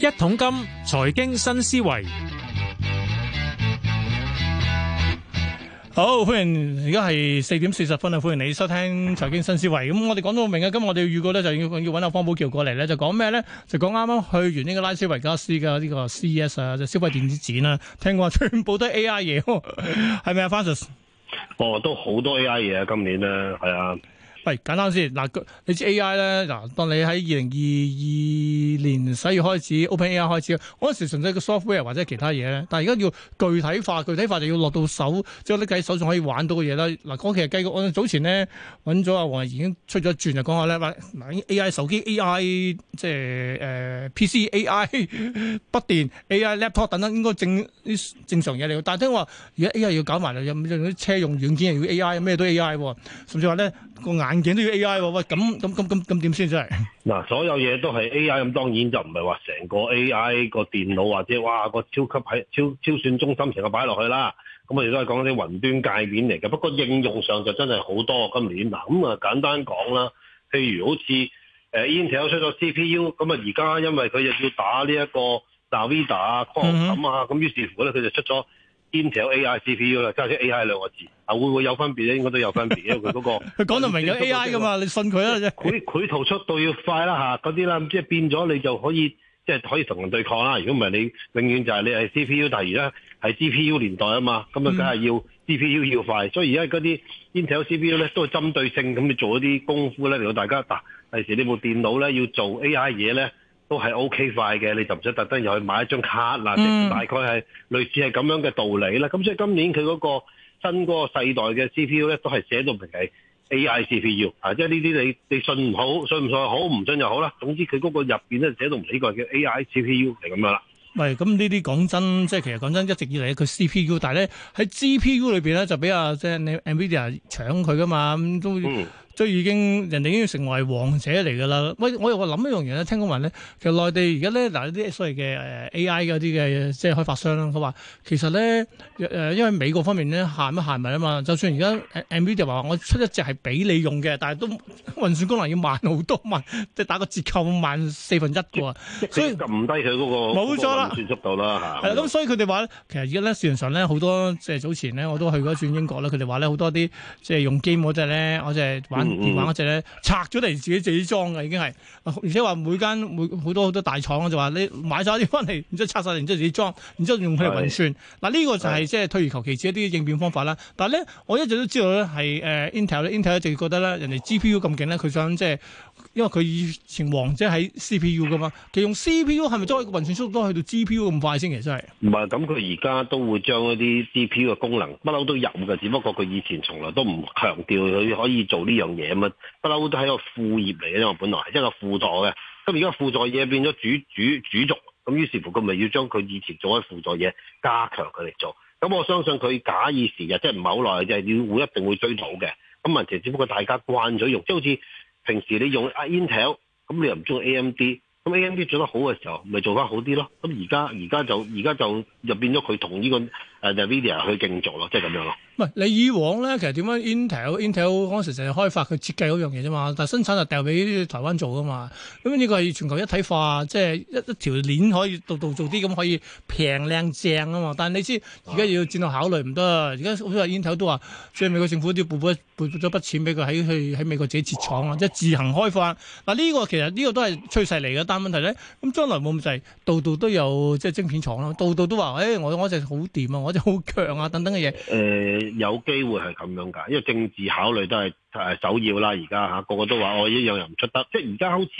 一桶金財經新思維，好歡迎！而家係四點四十分啊，歡迎你收聽財經新思維。咁我哋講到明啊，今日我哋要預告咧，就要要搵阿方保僑過嚟咧，就講咩咧？就講啱啱去完呢個拉斯維加斯嘅呢個 CES 啊，就是消費電子展啦，啊。聽講話全部都係 AI 嘢，係 咪啊，Francis？哦，都好多 AI 嘢啊，今年咧係啊。喂，簡單先嗱，你知 A.I. 咧嗱，當你喺二零二二年十一月開始 Open A.I. 開始，嗰陣時純粹個 software 或者其他嘢咧，但係而家要具體化，具體化就要落到手，將啲計手仲可以玩到嘅嘢啦。嗱，嗰期嘅計我早前咧揾咗阿黃已經出咗轉就講下咧，喂，嗱 A.I. 手機 A.I. 即係誒、呃、P.C. A.I. 不電 A.I. laptop 等等，應該正正常嘢嚟。但係聽話而家 A.I. 要搞埋啦，有啲車用軟件又要 A.I. 咩都 A.I. 甚至話咧。個眼鏡都要 AI 喎，喂，咁咁咁咁咁點先真係？嗱，所有嘢都係 AI，咁當然就唔係話成個 AI 個電腦或者哇個超級喺超超算中心成個擺落去啦。咁我哋都係講啲雲端界面嚟嘅，不過應用上就真係好多今年嗱。咁啊簡單講啦，譬如好似誒、欸、Intel 出咗 CPU，咁啊而家因為佢又要打呢一個 Nvidia 啊、Qualcomm 啊，咁於是乎咧佢就出咗。Intel AI CPU 啦，加啲 AI 兩個字，啊會唔會有分別咧？應該都有分別，因為佢嗰個佢講到明有 AI 噶嘛，你信佢啊啫。佢啲繪圖速度要快啦嗰啲啦，即係變咗你就可以即係可以同人對抗啦。如果唔係你永遠就係你係 CPU，但係而家係 GPU 年代啊嘛，咁啊梗係要 GPU 要快。嗯、所以而家嗰啲 Intel CPU 咧都係針對性咁去做一啲功夫咧，令到大家嗱，第時你部電腦咧要做 AI 嘢咧。都係 O K 快嘅，你就唔使特登又去買一張卡啦，大概係類似係咁樣嘅道理啦。咁所以今年佢嗰個新嗰個世代嘅 C P U 咧，都係寫到明係 A I C P U 啊，即係呢啲你你信唔好，信唔信好，唔信又好啦。總之佢嗰個入面咧寫到明呢個叫 A I C P U 係咁樣啦。喂、嗯，咁呢啲講真，即係其實講真，一直以嚟佢 C P U，但係咧喺 G P U 裏面咧就比阿即係你 N V I D I A 搶佢噶嘛，咁都。最已經人哋已經成為王者嚟㗎啦！喂，我又話諗一樣嘢咧，聽講話咧，其實內地而家咧嗱啲所謂嘅、呃、AI 嗰啲嘅即係開發商啦，佢話其實咧、呃、因為美國方面咧限都限埋啊嘛，下下就算而家 MV 就話我出一隻係俾你用嘅，但係都運算功能要慢好多嘛，即係打個折扣慢四分一喎，所以就唔低佢嗰個冇錯啦、那個、運算速度啦嚇。咁、嗯，所以佢哋話其實而家咧，事實上咧好多，即係早前咧我都去過一轉英國啦，佢哋話咧好多啲即係用 game 咧，我就係玩、嗯。電話嗰隻咧拆咗嚟自己自己裝嘅已經係，而且話每間每好多好多大廠就話你買晒啲翻嚟，然之後拆晒然之後自己裝，然之後用佢嚟運算。嗱呢個就係即係退而求其次一啲應變方法啦。但係咧，我一直都知道咧係誒 Intel 咧，Intel 咧就係覺得咧人哋 GPU 咁勁咧，佢想即係。因為佢以前王者喺 CPU 噶嘛，其實用 CPU 係咪將個運算速度去到 GPU 咁快先？其實係唔係咁？佢而家都會將嗰啲 GPU 嘅功能不嬲都入噶，只不過佢以前從來都唔強調佢可以做呢樣嘢咁樣，不嬲都係一個副業嚟嘅。因為本來係一個輔助嘅，咁而家輔助嘢變咗主主主軸，咁於是乎佢咪要將佢以前做嘅輔助嘢加強佢嚟做？咁我相信佢假以時日，即係唔係好耐，即係要會一定會追到嘅。咁問題只不過大家慣咗用，即係好似。平時你用 Intel，咁你又唔中意 AMD，咁 AMD 做得好嘅時候，咪做翻好啲咯。咁而家而家就而家就就變咗佢同呢個。誒 Nvidia 去競逐咯，即係咁樣咯。唔係你以往咧，其實點樣 Intel？Intel 嗰陣時就係開發佢設計嗰樣嘢啫嘛，但生產就掉俾台灣做噶嘛。咁呢個係全球一體化，即係一一條鏈可以度度做啲咁可以平靚正啊嘛。但你知而家要戰略考慮唔得。而家好似 Intel 都話，所以美國政府都要撥咗筆錢俾佢喺去喺美國自己設廠啊，即係自行開發嗱呢、呢個其實呢、呢個都係趨勢嚟嘅，但問題呢問題咧，咁將來冇咁滯，度度都有即係晶片廠啦，度度都話誒、欸，我嗰隻好掂啊！我就好強啊！等等嘅嘢，誒、呃，有機會係咁樣噶因為政治考慮都係誒首要啦。而家吓個個都話，我一樣又唔出得，即係而家好似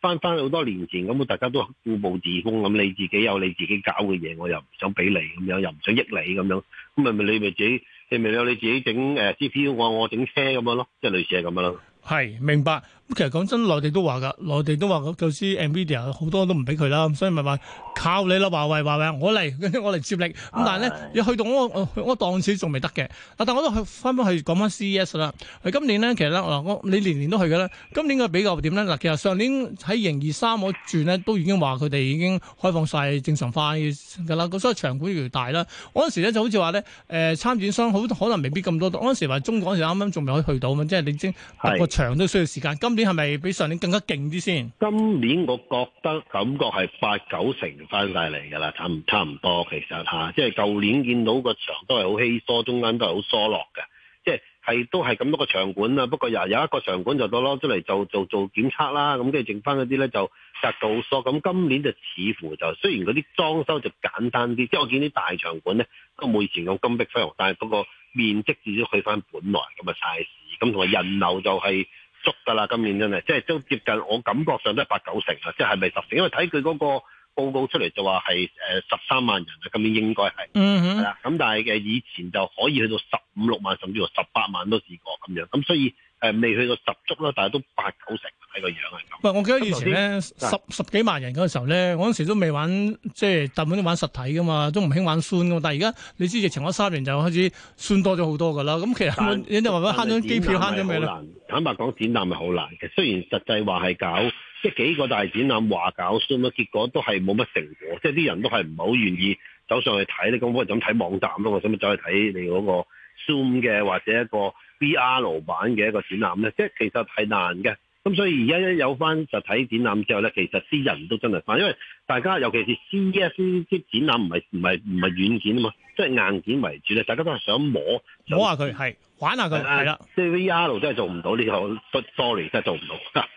翻翻好多年前咁，大家都固步自封，咁你自己有你自己搞嘅嘢，我又唔想俾你咁樣，又唔想益你咁樣，咁咪咪你咪自己，你咪有你自己整誒 CPU，我我整車咁樣咯，即係類似係咁樣咯。係，明白。其實講真，內地都話㗎，內地都話，就算 NVIDIA 好多都唔俾佢啦，所以咪話靠你啦，華為華為，我嚟，我嚟接力。咁但係咧，去到我我檔次仲未得嘅。但我都去，翻返去講翻 CES 啦。今年咧，其實呢，我你年年都去㗎啦。今年嘅比較點咧？嗱，其實上年喺營二三我轉咧，都已經話佢哋已經開放晒正常化嘅啦。所以場館越嚟越大啦。嗰時時咧就好似話咧，誒、呃、參展商好可能未必咁多。嗰時時話中港時時啱啱仲未可以去到嘛，即係你先搭個場都需要時間。今你係咪比上年更加勁啲先？今年我覺得感覺係八九成翻晒嚟㗎啦，差唔差唔多其實嚇、啊，即係舊年見到個場都係好稀疏，中間都係好疏落嘅，即係係都係咁多個場館啦。不過有有一個場館就得咯，出嚟做做做檢測啦，咁跟住剩翻嗰啲咧就逐到疏。咁、嗯、今年就似乎就雖然嗰啲裝修就簡單啲，即係我見啲大場館咧都冇以前咁金碧輝煌，但係嗰個面積至少去翻本來咁嘅 size，咁同埋人流就係、是。足噶啦，今年真係即係都接近，我感覺上都係八九成啦，即係係咪十成。因為睇佢嗰個報告出嚟就話係誒十三萬人啊，今年應該係，嗯、嗯、係啦。咁但係嘅以前就可以去到十五六萬，甚至乎十八萬都試過咁樣。咁所以。誒，未去到十足啦，但係都八九成，睇個樣係咁。我記得以前咧，十十幾萬人嗰個時候咧，我嗰時候都未玩，即係大部分都玩實體噶嘛，都唔興玩酸噶嘛。但係而家，你知疫情嗰三年就開始酸多咗好多噶啦。咁其實你哋話佢慳咗機票慳咗咩咧？坦白講，展覽係好難嘅。雖然實際話係搞，即係幾個大展覽話搞酸啦，結果都係冇乜成果。即係啲人都係唔係好願意走上去睇，你咁我哋就咁睇網站咯。我想咪走去睇你嗰個。Zoom 嘅或者一個 VR 版嘅一個展覽咧，即係其實係難嘅。咁所以而家一有翻實體展覽之後咧，其實啲人都真係，因為大家尤其是 CES 啲展覽唔係唔係唔係軟件啊嘛，即係硬件為主咧，大家都係想摸。摸下佢係玩下佢，係啦。即係 VR 真係做唔到呢個，sorry 真係做唔到。這個、到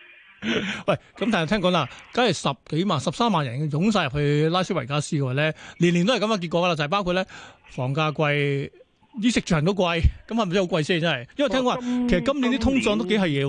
喂，咁但係聽講啦，梗係十幾萬、十三萬人湧晒入去拉斯維加斯嘅話咧，年年都係咁嘅結果啦，就係包括咧房價貴。啲食場都貴，咁係咪真係好貴先？真係，因為聽講話、哦、其實今年啲通脹都幾係嘢。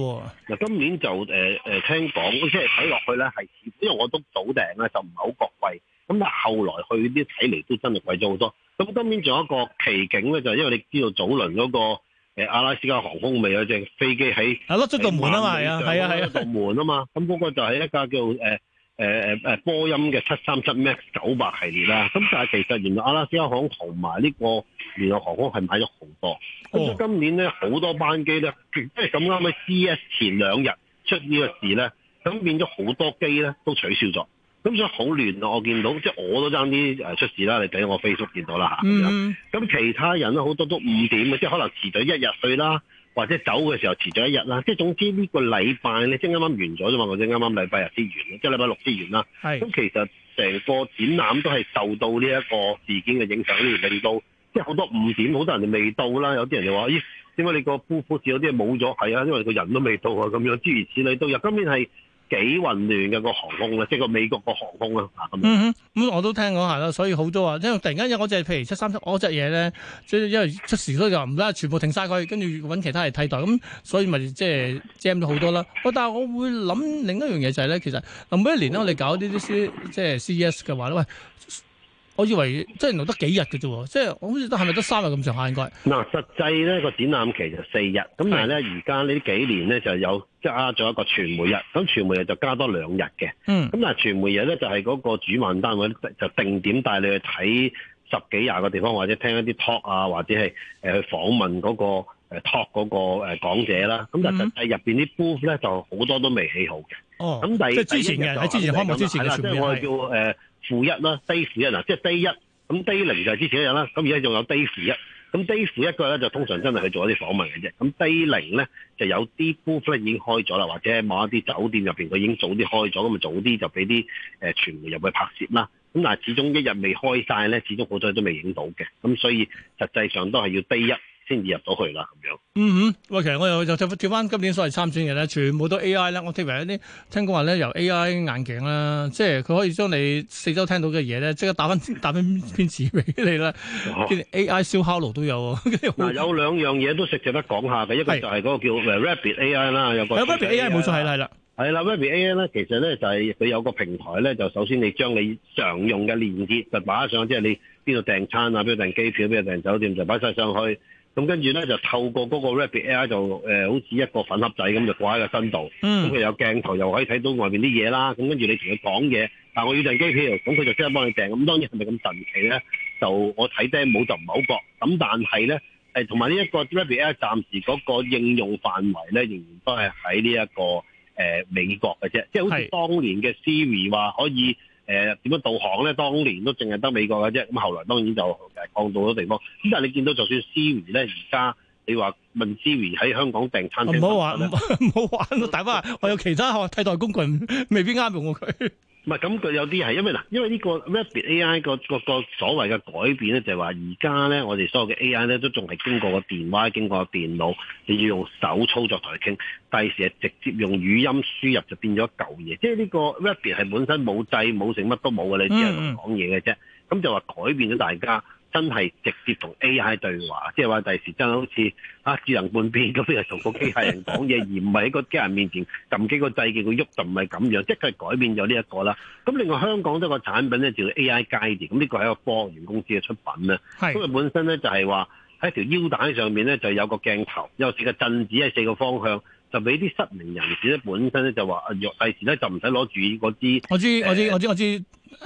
嗱，今年就誒誒、呃、聽講，即係睇落去咧係，因為我都早訂咧就唔係好覺貴。咁但係後來去啲睇嚟都真係貴咗好多。咁今年仲有一個奇景咧，就係、因為你知道早輪嗰、嗰個、呃、阿拉斯加航空咪有隻飛機喺啊，甩咗道門啊嘛，係啊，係啊，係一道門啊嘛。咁嗰、啊啊嗰個就係一架叫誒。呃誒波音嘅七三七 MAX 九百系列啦，咁但係其實原來阿拉斯加航空同埋呢個聯合航空係買咗好多，咁今年咧好多班機咧，即係咁啱咧，CS 前兩日出呢個事咧，咁變咗好多機咧都取消咗，咁所以好亂啊！我見到即係我都爭啲誒出事啦，你睇我 Facebook 見到啦嚇，咁、mm-hmm. 其他人咧好多都五點嘅，即係可能遲咗一日去啦。或者走嘅時候遲咗一日啦，即係總之呢個禮拜咧，即啱啱完咗啫嘛，我哋啱啱禮拜日之完，即係禮拜六之完啦。咁，其實成個展覽都係受到呢一個事件嘅影響，呢令到即係好多誤點，好多人就未到啦。有啲人就話：咦、哎，點解你個布幅士有啲嘢冇咗係啊？因為你個人都未到啊，咁樣諸如此類到。到日今年係。幾混亂嘅個航空即係、就是、個美國個航空咁。嗯哼，咁、嗯、我都聽講下啦，所以好多話，因為突然間有嗰隻，譬如七三七，嗰隻嘢咧，所以因為出事都就唔得，全部停晒佢，跟住搵其他嚟替代，咁所以咪即係 jam 咗好多啦。我但係我會諗另一樣嘢就係、是、咧，其實啊每一年咧我哋搞呢啲 C 即係 CES 嘅話咧，喂。我以為即係留得幾日嘅啫，即係我好似得係咪得三日咁上下應該。嗱，實際咧個展覽期就四日，咁但係咧而家呢幾年咧就有即係加咗一個傳媒日，咁傳媒日就加多兩日嘅。嗯。咁但係傳媒日咧就係、是、嗰個主辦單位就定點帶你去睇十幾廿個地方，或者聽一啲 talk 啊，或者係誒去訪問嗰個 talk 嗰個誒講者啦。咁但係入邊啲 booth 咧就好、嗯、多都未起好嘅。哦。咁但係即係之前嘅喺之前開幕之前啦，我係叫誒。負一啦，低負一嗱，即係低一咁低零就係之前一日啦，咁而家仲有低負一，咁低負一個咧就，就，就，就，就通常真係去做一啲訪問嘅啫，咁低零咧就有啲 Google r 鋪咧已經開咗啦，或者某一啲酒店入邊佢已經早啲開咗，咁啊早啲就俾啲誒傳媒入去拍攝啦，咁但嗱始終一日未開晒咧，始終好多嘢都未影到嘅，咁所以實際上都係要低一。先至入到去啦，咁樣。嗯嗯，喂，其實我又又跳翻今年所謂參選嘅咧，全部都 A I 啦。我睇嚟一啲，聽講話咧，由 A I 眼鏡啦，即係佢可以將你四周聽到嘅嘢咧，即刻打翻打翻篇字俾你啦。哦、A I 燒烤爐都有。嗱，有兩樣嘢都食，就得講下嘅，一個就係嗰個叫 Rabbit A I 啦，有個 AI、嗯。Rabbit A I 冇錯係啦，係啦 Rabbit A I 咧，其實咧就係佢有個平台咧，就首先你將你常用嘅連接就擺上，即、就、係、是、你邊度訂餐啊，邊度訂機票，邊度訂酒店，就擺晒上去。就是咁跟住咧就透過嗰個 Rabbit Air 就誒、呃、好似一個粉盒仔咁就掛喺個身度，咁、嗯、佢有鏡頭又可以睇到外面啲嘢啦。咁跟住你同佢講嘢，但、啊、我要訂機票，咁佢就即刻幫你訂。咁當然係咪咁神奇咧？就我睇啲冇就唔係好覺。咁但係咧，同埋呢一個 Rabbit Air 暫時嗰個應用範圍咧，仍然都係喺呢一個、呃、美國嘅啫。即係好似當年嘅 Siri 話可以。誒、呃、點樣導航咧？當年都淨係得美國嘅啫，咁後來當然就誒降到咗地方。只係你見到就算 Siri 咧，而家你話問 Siri 喺香港訂餐廳，唔好玩，唔好玩，大家話我有其他替代工具，未必啱用過佢。唔係，咁佢有啲係因為嗱，因為呢個 Rabbit AI 個所謂嘅改變咧，就係話而家咧，我哋所有嘅 AI 咧都仲係經過個電話，經過電腦，你要用手操作同佢傾。第時係直接用語音輸入就，就變咗舊嘢。即係呢個 Rabbit 係本身冇掣、冇成乜都冇嘅，你只係講嘢嘅啫。咁就話改變咗大家。真係直接同 AI 對話，即係話第時真係好似啊智能半變咁樣，同個機械人講嘢，而唔係喺個機械人面前撳 幾個掣嘅佢喐就唔係咁樣，即係改變咗、這個、呢 Guided，一個啦。咁另外香港呢個產品咧叫 AI 階段，咁呢個係個科學園公司嘅出品啦。因為本身咧就係話喺條腰帶上面咧就有個鏡頭，有四個振子喺四個方向。就俾啲失明人士咧，本身咧就話啊，若第時咧就唔使攞住嗰支，我知我知我知我知，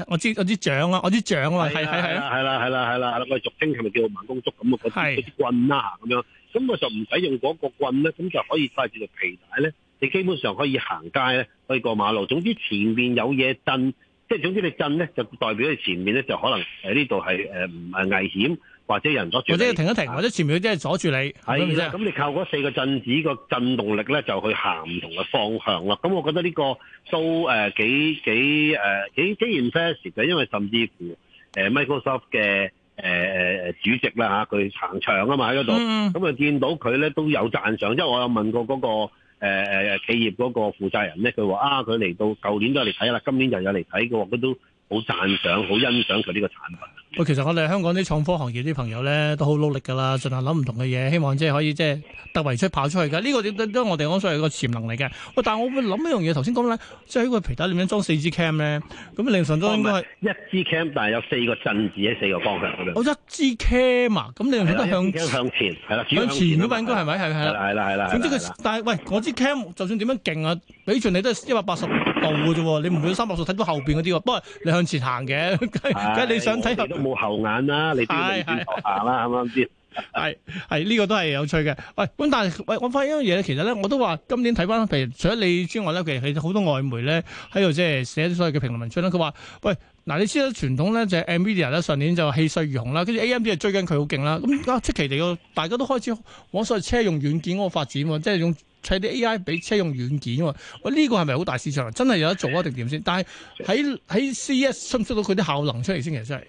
我知我知杖啊，我知杖啊，係係係，係啦係啦係啦，我哋俗稱係咪叫做盲公竹咁啊？嗰啲嗰啲棍啦咁樣，咁我就唔使用嗰個棍咧，咁就可以戴住條皮帶咧，你基本上可以行街咧，可以過馬路，總之前面有嘢震，即係總之你震咧，就代表你前面咧就可能喺呢度係誒唔係危險。或者人阻住，或者停一停，或者前面真係阻住你。係咁，你靠嗰四個振子個震動力咧，就去行唔同嘅方向啦。咁我覺得呢個都誒、呃、幾幾誒、呃、幾幾 interesting 嘅，因為甚至乎誒、呃、Microsoft 嘅誒誒主席啦吓，佢、啊、行場啊嘛喺嗰度，咁啊、嗯、見到佢咧都有讚賞。因為我有問過嗰、那個誒誒、呃、企業嗰個負責人咧，佢話啊，佢嚟到舊年都嚟睇啦，今年又有嚟睇嘅，佢話佢都好讚賞、好欣賞佢呢個產品。喂，其實我哋香港啲創科行業啲朋友咧，都好努力㗎啦，盡量諗唔同嘅嘢，希望即係可以即係突圍出跑出去㗎。呢、這個點都都我哋講，所謂個潛能嚟嘅。喂，但係我會諗一樣嘢，頭先講咧，即係喺個皮帶裏面裝四支 cam 咧，咁凌晨裝應該係一支 cam，但係有四個陣字喺四個方向嗰度。我一支 cam 啊，咁你好多向對向前，係啦，向前嗰個應該係咪係係啦，係啦係啦。總之佢但係喂，嗰支 cam 就算點樣勁啊，俾盡你都係一百八十度嘅啫喎，你唔會三百度睇 到後邊嗰啲喎。不過你向前行嘅，梗係你想睇。冇後眼啦、啊，你都要先學下啦，啱唔啱先？係係呢個都係有趣嘅。喂，咁但係喂，我發覺一樣嘢咧，其實咧我都話今年睇翻，譬如除咗你之外咧，其實其實好多外媒咧喺度即係寫啲所謂嘅評論文章咧。佢話喂嗱，你知道傳統咧就係、是、Nvidia 咧上年就氣勢如虹啦，跟住 A M D 就追緊佢好勁啦。咁、嗯、出、啊、奇地個大家都開始往曬車用軟件嗰個發展喎，即係用砌啲 A I 俾車用軟件啊。喂，呢、這個係咪好大市場真係有得做啊？定點先？但係喺喺 C E S 出唔出到佢啲效能出嚟先？其實真係。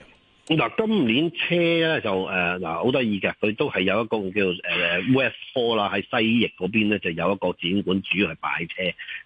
嗱、啊，今年車咧就誒嗱，好得意嘅，佢都係有一個叫誒、呃、West Hall 啦，喺西翼嗰邊咧就有一個展館，主要係擺車。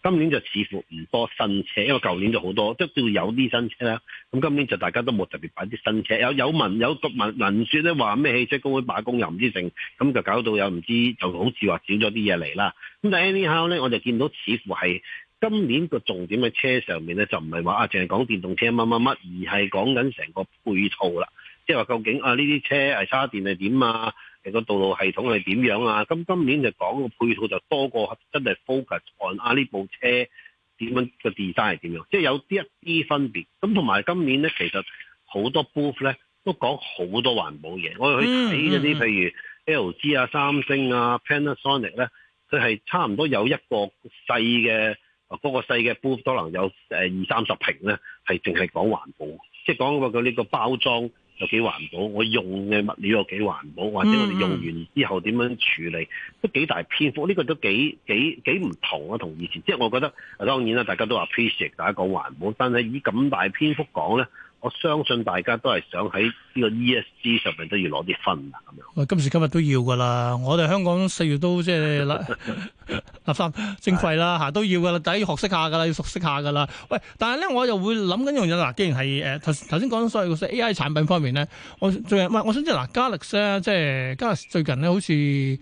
今年就似乎唔多新車，因為舊年就好多，即係都叫有啲新車啦。咁今年就大家都冇特別擺啲新車。有有文有個文文說咧，話咩汽車工會罷工又唔知成，咁就搞到又唔知就好似話少咗啲嘢嚟啦。咁但 Anyhow 咧，我就見到似乎係。今年個重點喺車上面咧，就唔係話啊，淨係講電動車乜乜乜，而係講緊成個配套啦。即係話究竟啊，呢啲車係差電係點啊？誒，個道路系統係點樣啊？咁、嗯、今年就講個配套就多過真係 focus on 啊呢部車點樣個 design 係點樣。即係有啲一啲分別。咁同埋今年咧，其實好多 booth 咧都講好多環保嘢。我哋去睇啲、嗯嗯嗯，譬如 LG 啊、三星啊、Panasonic 咧，佢係差唔多有一個細嘅。嗰、那個細嘅 booth 可能有二三十平咧，係淨係講環保，即係講個佢呢個包裝有幾環保，我用嘅物料有幾環保，或者我哋用完之後點樣處理，都幾大篇幅。呢、這個都幾幾幾唔同啊，同以前。即係我覺得，當然啦，大家都話 appreciate 大家講環保，但係以咁大篇幅講咧。我相信大家都係想喺呢個 ESG 上面都要攞啲分啦，咁樣。喂，今時今日都要噶啦，我哋香港四月都即係立 垃圾徵費啦，吓都要噶啦，第一要學識下噶啦，要熟悉下噶啦。喂，但係咧，我又會諗緊一樣嘢，嗱，既然係誒頭先講咗所謂 AI 產品方面咧，我最近我想知啦 Galax, 即係嗱，Galaxy 咧，即係 Galaxy 最近咧，好似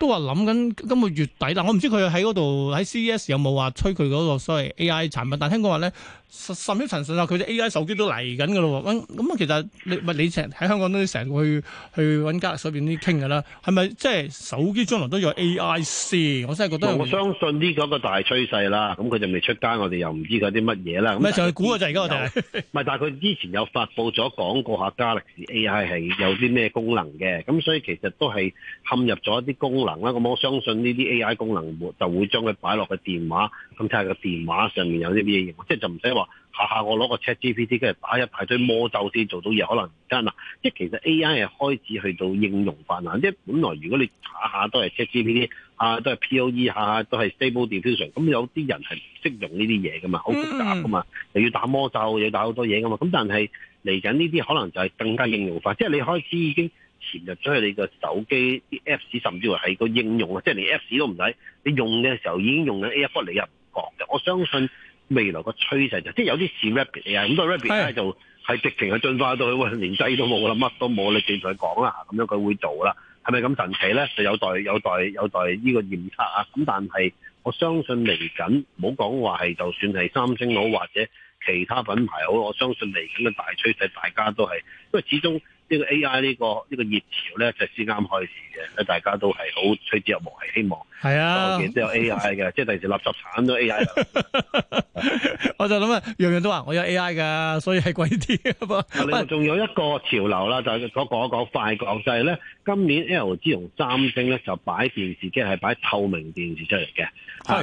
都話諗緊今個月底，但我唔知佢喺嗰度喺 CES 有冇話催佢嗰個所謂 AI 產品，但聽講話咧。甚甚屘陳信啊！佢啲 AI 手機都嚟緊噶咯喎，咁、嗯、啊其實你咪你成日喺香港都成日去去揾家力士邊啲傾噶啦，係咪即係手機將來都有 AI C 我真係覺得、嗯。我相信呢個一個大趨勢啦，咁佢就未出街，我哋又唔知佢啲乜嘢啦。咁就係估啊！就而家我就係咪？但係佢之前有發布咗講過下加力士 AI 係有啲咩功能嘅，咁所以其實都係陷入咗一啲功能啦。咁我相信呢啲 AI 功能就會將佢擺落個電話，咁睇下個電話上面有啲咩嘢，即係就唔使話。下下我攞個 Chat GPT，跟住打一排堆魔咒先做到嘢，可能而家嗱，即係其實 AI 係開始去到應用化啦。即係本來如果你打下都係 Chat GPT，下下都係 POE，下下都係 Stable Diffusion，咁有啲人係唔識用呢啲嘢噶嘛，好複雜噶嘛，又、mm-hmm. 要打魔咒，又要打好多嘢噶嘛。咁但係嚟緊呢啲可能就係更加應用化，即係你開始已經潛入咗去你個手機啲 Apps，甚至乎係個應用啊，即係連 Apps 都唔使，你用嘅時候已經用緊 AI，不過你又唔覺嘅。我相信。未來個趨勢即 Rabbit，就即係有啲似 Rabbit 啊，咁所以 Rabbit 咧就係直情去進化到，連掣都冇啦，乜都冇啦，正常講啦，咁樣佢會做啦，係咪咁神奇咧？就有待有待有待呢個驗測啊！咁但係我相信嚟緊，冇講話係就算係三星好或者其他品牌好，我相信嚟緊嘅大趨勢大家都係，因為始終。呢、這個 AI 這個呢個呢個熱潮咧就是、先啱開始嘅，大家都係好趨之若鶩，係希望。係啊，都得有 AI 嘅， 即係第時垃圾產都 AI。 我就諗啊，樣樣都話我有 AI 㗎，所以係貴啲。不過仲有一個潮流啦，就嗰、是、講一講快講就係咧，今年 LG 同三星咧就擺電視機係擺透明電視出嚟嘅。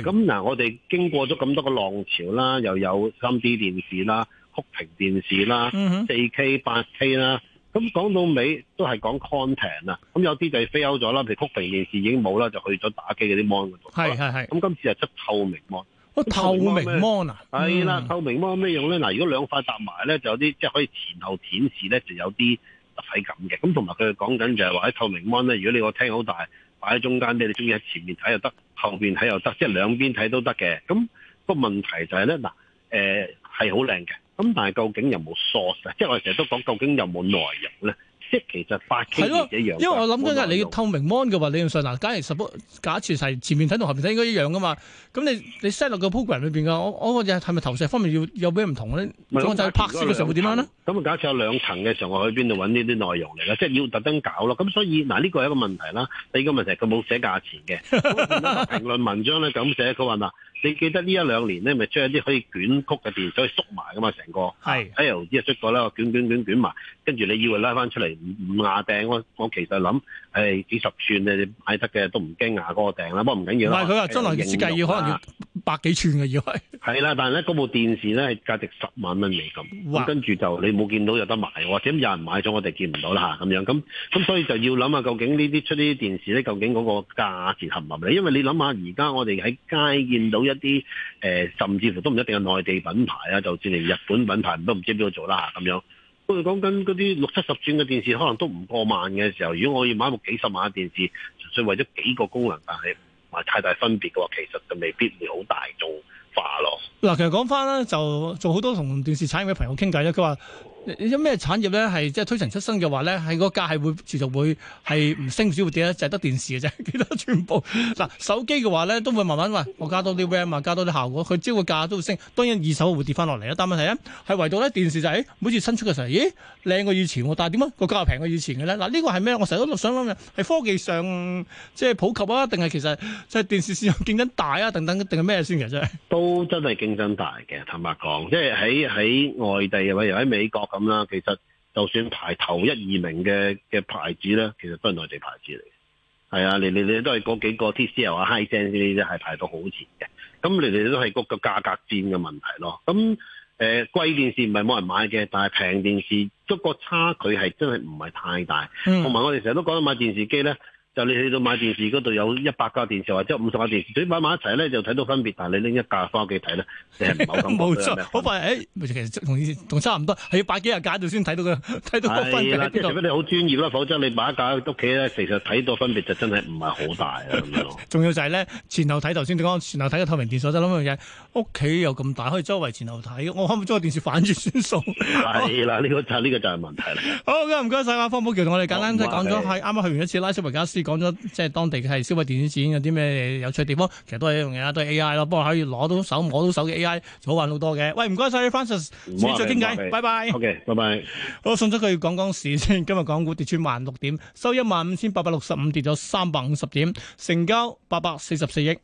咁嗱，啊、我哋經過咗咁多個浪潮啦，又有三 D 電視啦、曲屏電視啦、四 K、八 K 啦。咁講到尾都係講 content 啊，咁有啲就 fail 咗啦，譬如曲屏件事已經冇啦，就去咗打機嗰啲 mon 嗰度。係係係。咁今次就出透明 mon。透明 mon 啊。係啦、嗯，透明 mon 咩用咧？嗱，如果兩塊搭埋咧，就有啲即係可以前後顯示咧，就有啲立體感嘅。咁同埋佢講緊就係話喺透明 mon 咧，如果你個廳好大，擺喺中間咧，你中意喺前面睇又得，後面睇又得，即係兩邊睇都得嘅。咁個問題就係、是、咧，嗱、呃，係好靚嘅，咁但係究竟有冇 source 啊？即係我哋成日都講，究竟有冇內容咧？即其實 8K 係一樣，因為我諗緊啊，你要透明 mon 嘅話，你用上嗱，假如 suppose 假設係前面睇同後面睇應該一樣噶嘛。咁你你 set 落個 program 裏邊噶，我我個嘢係咪投射方面要有有咩唔同咧？咁就係拍攝嘅時候會點樣咧？咁啊，假設有兩層嘅時候，我去邊度揾呢啲內容嚟咧？即係要特登搞咯。咁所以嗱，呢、這個係一個問題啦。第二個問題，佢冇寫價錢嘅。嗰 篇評論文章咧咁寫，佢話嗱，你記得呢一兩年咧，咪出一啲可以捲曲嘅電，所以縮埋噶嘛成個。係。LG 又出過啦，捲卷卷捲埋，跟住你以為拉翻出嚟。唔五亞訂，我我其實諗係、哎、幾十寸咧你買得嘅，都唔驚啊嗰個訂啦，不過唔緊要啦。唔係佢話將來設計要可能要百幾寸嘅要。係 啦，但係咧嗰部電視咧係價值十萬蚊美金，咁跟住就你冇見到有得賣，或者有人買咗我哋見唔到啦嚇咁樣，咁咁所以就要諗下究竟呢啲出呢啲電視咧，究竟嗰個價錢合唔合理？因為你諗下而家我哋喺街見到一啲誒、呃，甚至乎都唔一定係內地品牌啊，就算係日本品牌都唔知邊度做啦嚇咁樣，我哋講緊嗰啲六七十吋嘅電視，可能都唔過萬嘅時候，如果我要買部幾十萬嘅電視，純粹為咗幾個功能，但係唔係太大分別嘅話，其實就未必會好大眾化咯。嗱，其實講翻咧，就做好多同電視產業嘅朋友傾偈咧，佢話，嗯有咩產業咧係即係推陳出新嘅話咧，係個價係會持續會係唔升唔少會跌咧，就係得電視嘅啫，其他全部嗱、啊、手機嘅話咧都會慢慢話，我加多啲 RAM 啊，加多啲效果，佢朝個價都會升。當然二手會跌翻落嚟啊，但問題咧係唯到咧電視就係、是、每次新出嘅時候，咦，靚過以前，但係點解個價平過以前嘅咧？嗱、啊、呢、這個係咩？我成日都想諗嘅係科技上即係普及啊，定係其實即係電視市場競爭大啊，等等，定係咩先其實都真係競爭大嘅。坦白講，即係喺喺外地啊，譬如喺美國。咁、嗯、啦，其實就算排，排頭一二名嘅嘅牌子咧，其實都係內地牌子嚟，係啊，你哋嚟都係嗰幾個 TCL、啊、Hisense 呢啲係排到好前嘅。咁你哋都係個個價格戰嘅問題咯。咁誒、呃，貴電視唔係冇人買嘅，但係平電視，嗰個差距係真係唔係太大。同、嗯、埋我哋成日都講買電視機咧。你去到買電視嗰度有一百架電視，或者五十架電視，整埋埋一齊咧就睇到分別，但係你拎一架返屋企睇咧，成冇感覺嘅。冇錯，好快誒，其實同同、 欸、差唔多，係要百幾十架度先睇到佢。睇到個分別喺度。係、就是、除非你好專業啦，否則你買一架屋企咧，其實睇到分別就真係唔係好大啦咁樣。仲 有就係咧前後睇，頭先點講？前後睇嘅透明電視，我真諗樣嘢，屋企又咁大，可以周圍前後睇。我可唔可以將個電視反轉算數？係啦，呢、 這個這個就呢個就係問題啦。好嘅，唔該晒。阿方保僑同我哋簡單即講咗下，啱、嗯、啱去完一次拉斯維加斯。講咗即係當地係消費電子展有啲咩有趣嘅地方，其實都係一樣嘢啦，都係 AI 咯。不過可以攞到手摸到手機 AI，就好玩好多嘅。喂，唔該晒 f r a n c i s 下次再傾偈，拜拜。好嘅，拜拜、okay。好，送咗佢講講市先。今日港股跌穿萬六點，收一萬五千八百六十五，跌咗三百五十點，成交八百四十四億。